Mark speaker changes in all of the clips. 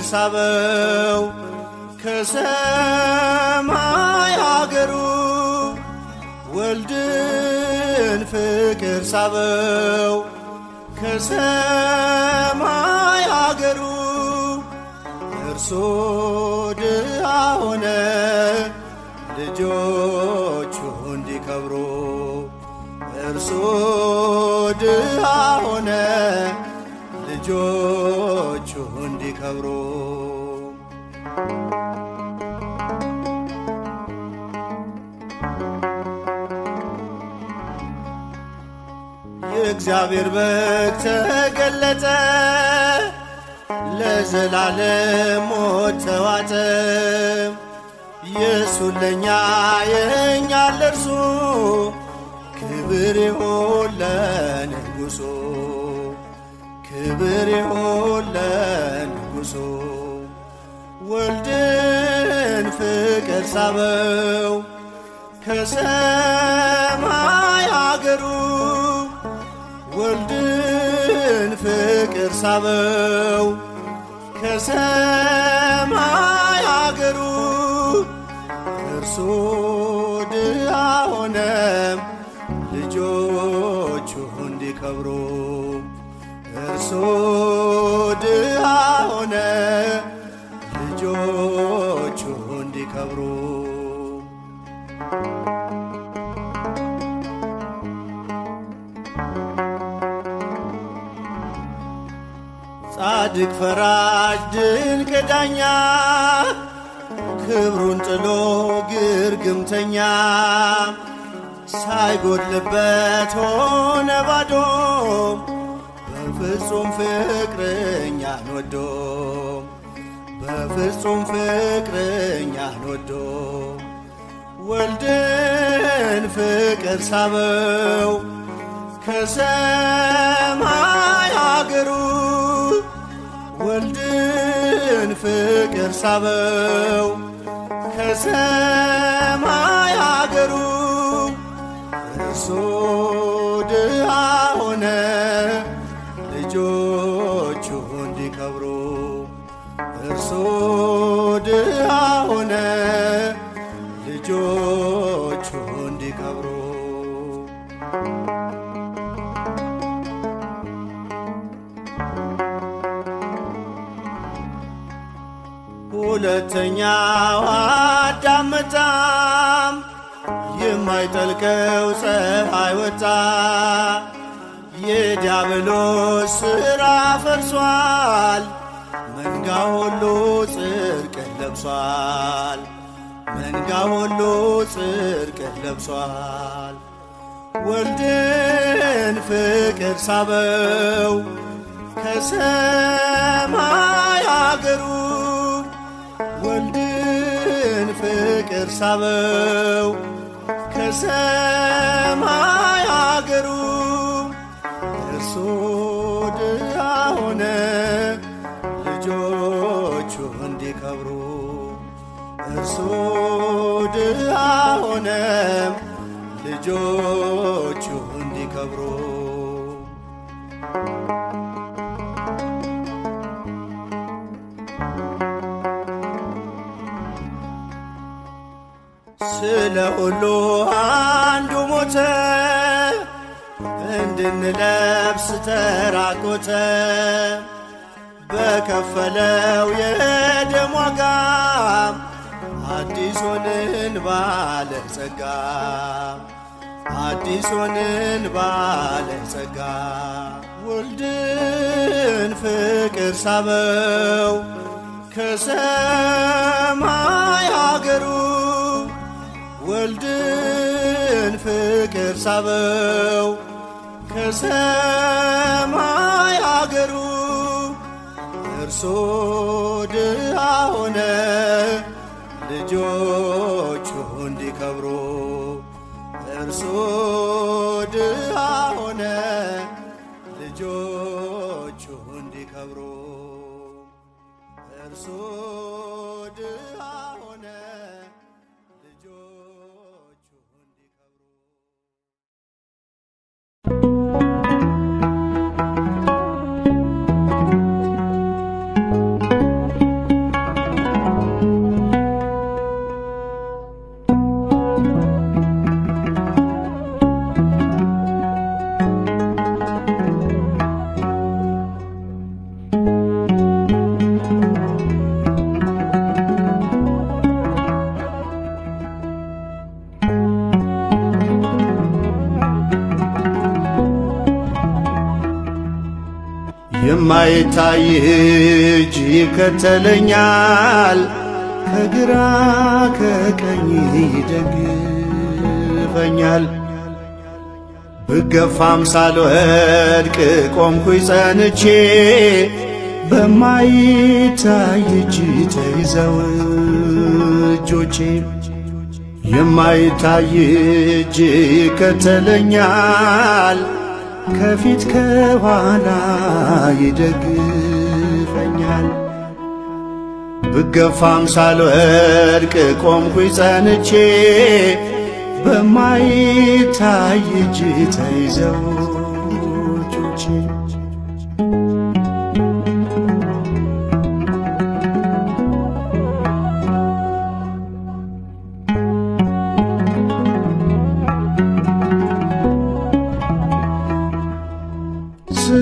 Speaker 1: ምድር ሳበው ከሰማይ ሀገሩ ወልድን ፍቅር ሳበው ከሰማይ ሀገሩ እርሶ ድሃ ሆነ ልጆቹ እንዲከብሩ እርሱ ድሃ ሆነ ልጆቹ ከብሮ የእግዚአብሔር በግ ተገለጸ ለዘላለም ሞት ተዋጠ። የእሱ ለኛ የእኛ ለእርሱ ክብር ይሁን ለንጉሡ ክብር ይሁን አስታውሶ ወልድን ፍቅር ሳበው ከሰማይ አገሩ ወልድን ፍቅር ሳበው ከሰማይ አገሩ እርሱ ድሃ ሆነም ልጆቹ እንዲከብሩ እርሱ ድሃ ሆነ ልጆቹ እንዲከብሩ ጻድቅ ፈራጅ ድንቅ ዳኛ ክብሩን ጥሎ ግርግምተኛ ሳይጎድልበት ሆነ ባዶ ፍጹም ፍቅረኛን ወዶ በፍጹም ፍቅረኛን ወዶ ወልድን ፍቅር ሳበው ከሰማይ አገሩ ወልድን ፍቅር ሳበው ከሰማይ አገሩ እርሱ ድሃ ሆነ ልጆቹ እንዲከብሩ እርሱ ድሃ ሆነ ልጆቹ እንዲከብሩ ሁለተኛው አዳም የማይጠልቀው ፀሐይ ወጣ የዲያብሎስ ሥራ ፈርሷል፣ መንጋ ሁሉ ጽድቅን ለብሷል፣ መንጋ ሁሉ ጽድቅን ለብሷል። ወልድን ፍቅር ሳበው ከሰማይ አገሩ ወልድን ፍቅር ሳበው ከሰማይ አገሩ ድሃ ሆነ ልጆቹ እንዲከብሩ እርሱ ድሃ ሆነ ልጆቹ እንዲከብሩ ስለ ሁሉ አንዱ ሞተ እንድንለብስ ተራቆተ በከፈለው የደም ዋጋ አዲስ ሆንን ባለ ጸጋ አዲስ ሆንን ባለ ጸጋ ወልድን ፍቅር ሳበው ከሰማይ አገሩ ወልድን ፍቅር ሳበው ከሰማይ አገሩ እርሶ ድሃ ሆነ ልጆቹ እንዲከብሩ እርሶ የማይታይ እጅ ይከተለኛል ከግራ ከቀኝ ይደግፈኛል። ብገፋም ሳልወድቅ ቆምኩኝ ጸንቼ በማይታይ እጅ ተይዘው እጆቼ የማይታይ እጅ ይከተለኛል ከፊት ከኋላ ይደግፈኛል። ብገፋም ሳልወድቅ ቆምኩ ጸንቼ በማይታይ እጅ ተይዘው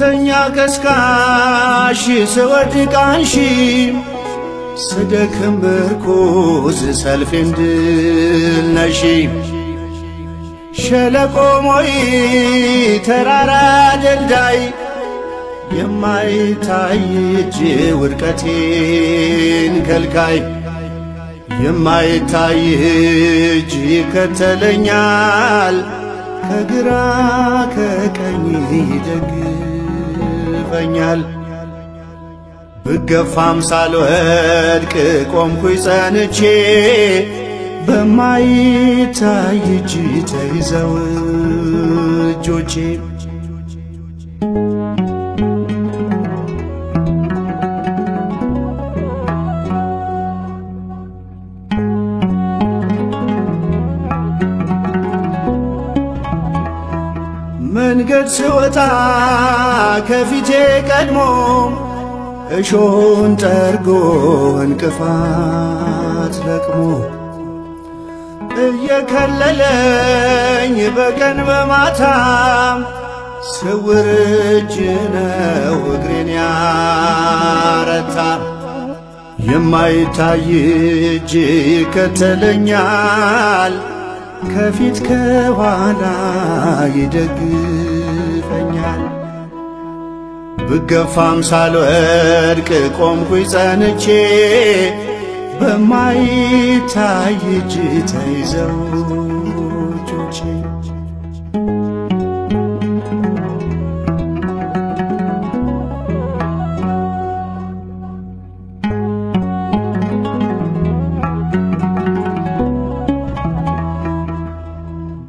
Speaker 1: ትዕቢተኛ ከስካሽ ስወድቃንሺ ስደክም ምርኩዝ ሰልፌን ድል ነሺ ሸለቆ ሞይ ተራራ ደልዳይ የማይታይ እጅ ውድቀቴን ከልካይ የማይታይ እጅ ይከተለኛል ከግራ ከቀኝ ይደግ ይደግፈኛል። ብገፋም ሳልወድቅ ቆምኩኝ ጸንቼ በማይታይ እጅ ተይዘው እጆቼ መንገድ ስወጣ ከፊቴ ቀድሞ እሾን ጠርጎ እንቅፋት ለቅሞ እየከለለኝ በቀን በማታ ስውር እጅ ነው እግሬን ያረታ የማይታይ እጅ ይከተለኛል ከፊት ከኋላ ይደግ ብገፋም ሳልወድቅ ቆምኩኝ ጸንቼ በማይታይ እጅ ተይዘው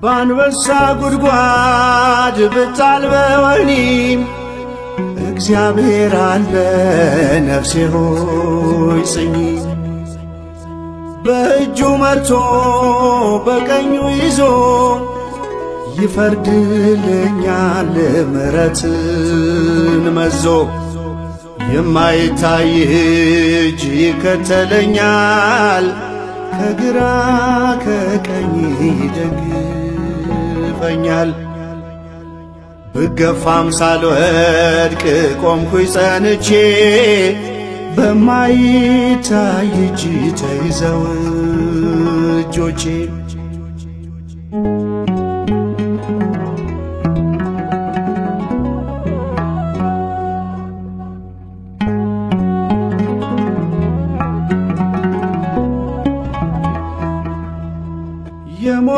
Speaker 1: በአንበሳ ጉድጓድ ብጣል በወህኒ እግዚአብሔር አለ ነፍሴ ሆይ ጽኚ። በእጁ መርቶ በቀኙ ይዞ ይፈርድልኛል ምሕረትን መዞ የማይታይ እጅ ይከተለኛል ከግራ ከቀኝ ይደግፈኛል። ብገፋም ሳልወድቅ ቆምኩኝ ጸንቼ በማይታይ እጅ ተይዘው እጆቼ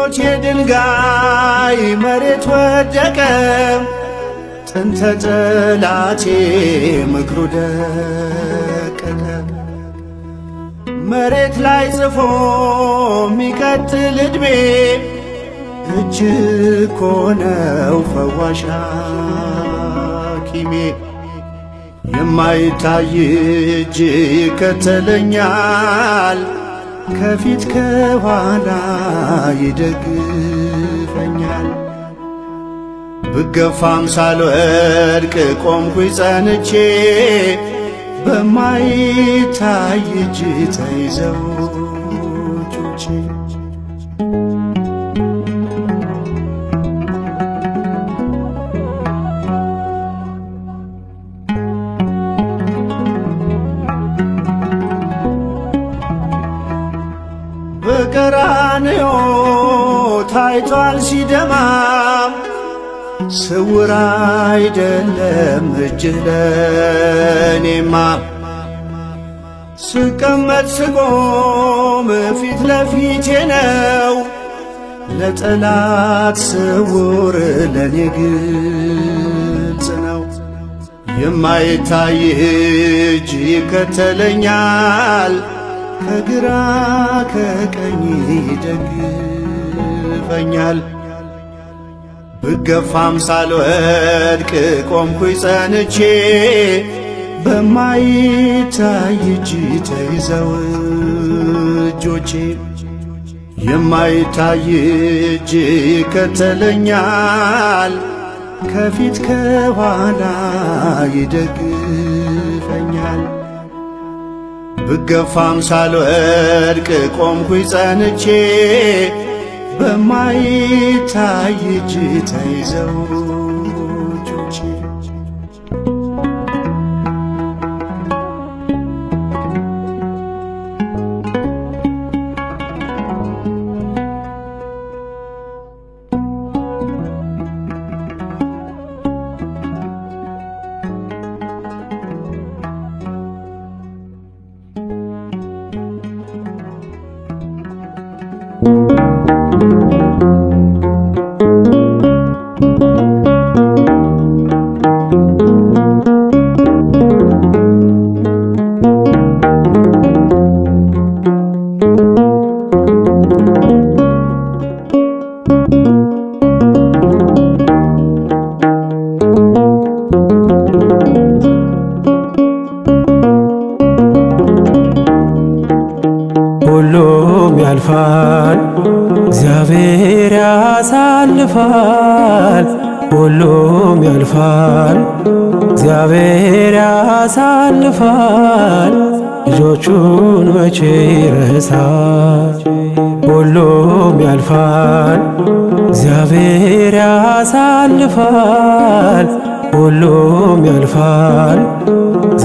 Speaker 1: ሌሎች የድንጋይ መሬት ወደቀ ጥንተ ጠላቴ ምክሩ ደቀቀ መሬት ላይ ጽፎ ሚቀጥል እድሜ እጅ ኮነው ፈዋሽ ሐኪሜ የማይታይ እጅ ይከተለኛል ከፊት ከኋላ ይደግፈኛል። ብገፋም ሳልወድቅ ቆምኩ ጸንቼ በማይታይ እጅ ተይዘው በቀራንዮ ታይቷል ሲደማም ስውር አይደለም እጅህ ለኔማ ስቀመጥ ስቆም ፊት ለፊቴ ነው ለጠላት ስውር ለኔ ግልጽ ነው። የማይታይ እጅ ይከተለኛል ከግራ ከቀኝ ይደግፈኛል። ብገፋም ሳልወድቅ ቆምኩኝ ጸንቼ በማይታይ እጅ ተይዘው እጆቼ የማይታይ እጅ ይከተለኛል ከፊት ከኋላ ይደግ ብገፋም ሳልወድቅ ቆምኩኝ ጸንቼ በማይታይ እጅ ተይዘው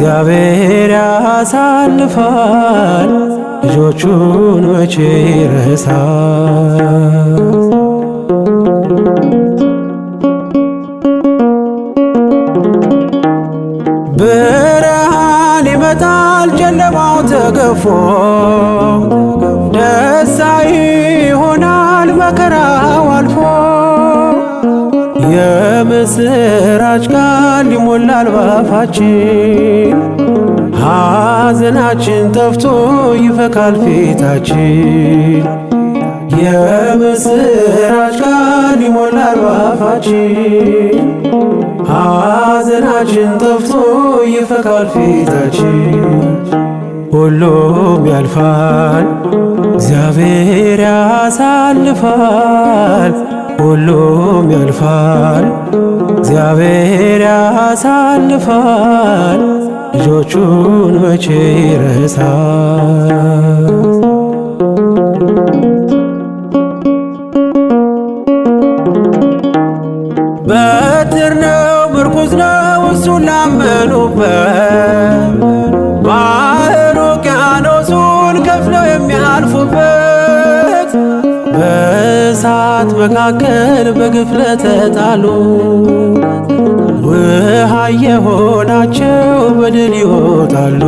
Speaker 1: እግዚአብሔር ያሳልፋል ልጆቹን መቼ ይረሳል? ብርሃን ይመጣል ጨለማው ተገፎ ደስታ ይሆናል መከራው አልፎ የምስራች ቃል ይሞላል ባፋችን፣ ሐዘናችን ጠፍቶ ይፈካል ፊታችን። የምስራች ቃል ይሞላል ባፋችን፣ ሐዘናችን ጠፍቶ ይፈካል ፊታችን። ሁሉም ያልፋል፣ እግዚአብሔር ያሳልፋል ሁሉም ያልፋል፣ እግዚአብሔር ያሳልፋል፣ ልጆቹን መቼ ይረሳል? በትር ነው ምርኩዝ ነው እሱን ላመኑበት ባህር ውቅያኖሱን ከፍለው የሚያልፉበት በእሳት መካከል በግፍ ለተጣሉ ውሃ የሆናቸው በድል ይወጣሉ።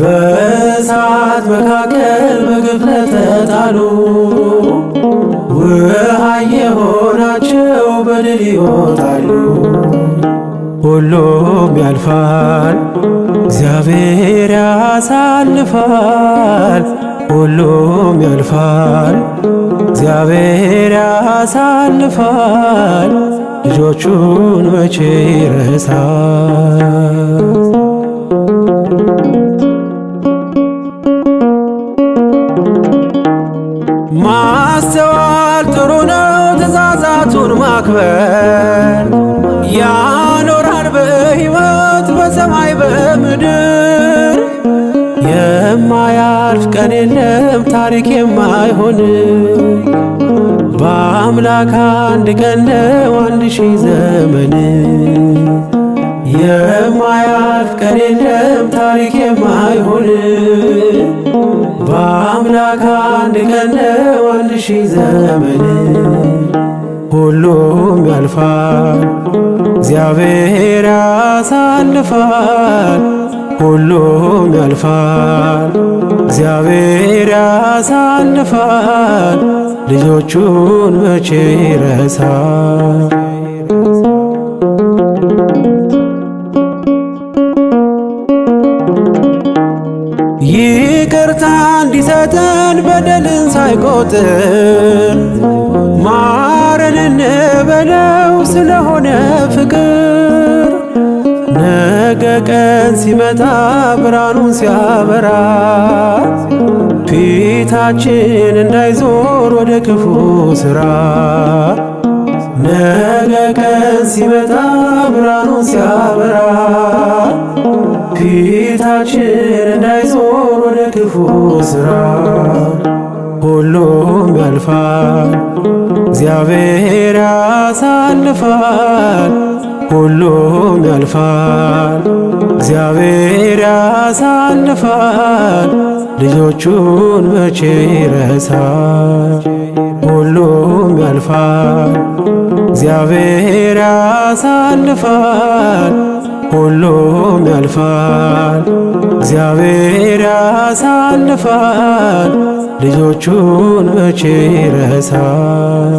Speaker 1: በእሳት መካከል በግፍ ለተጣሉ ውሃ የሆናቸው በድል ይወጣሉ። ሁሉም ያልፋል፣ እግዚአብሔር ያሳልፋል። ሁሉም ያልፋል፣ እግዚአብሔር ያሳልፋል፣ ልጆቹን መቼ ይረሳል? ማስተዋል ጥሩ ነው፣ ትእዛዛቱን ማክበር የማያልፍ ቀን የለም ታሪክ የማይሆን በአምላክ አንድ ቀን ነው አንድ ሺህ ዘመን የማያልፍ ቀን የለም ታሪክ የማይሆን በአምላክ አንድ ቀን ነው አንድ ሺህ ዘመን ሁሉም ያልፋል እግዚአብሔር ያሳልፋል ሁሉም ያልፋል፣ እግዚአብሔር ያሳልፋል፣ ልጆቹን መቼ ይረሳል? ይቅርታ እንዲሰጠን በደልን ሳይቆጥር ማረን እንበለው ስለሆነ ፍቅር ነገ ቀን ሲመጣ ብርሃኑን ሲያበራ ፊታችን እንዳይዞር ወደ ክፉ ሥራ ነገ ቀን ሲመጣ ብርሃኑን ሲያበራ ፊታችን እንዳይዞር ወደ ክፉ ሥራ ሁሉም ያልፋል፣ እግዚአብሔር ያሳልፋል ሁሉም ያልፋል፣ እግዚአብሔር ያሳልፋል፣ ልጆቹን መቼ ይረሳል? ሁሉም ያልፋል፣ እግዚአብሔር ያሳልፋል፣ ሁሉም ያልፋል፣ እግዚአብሔር ያሳልፋል፣ ልጆቹን መቼ ይረሳል?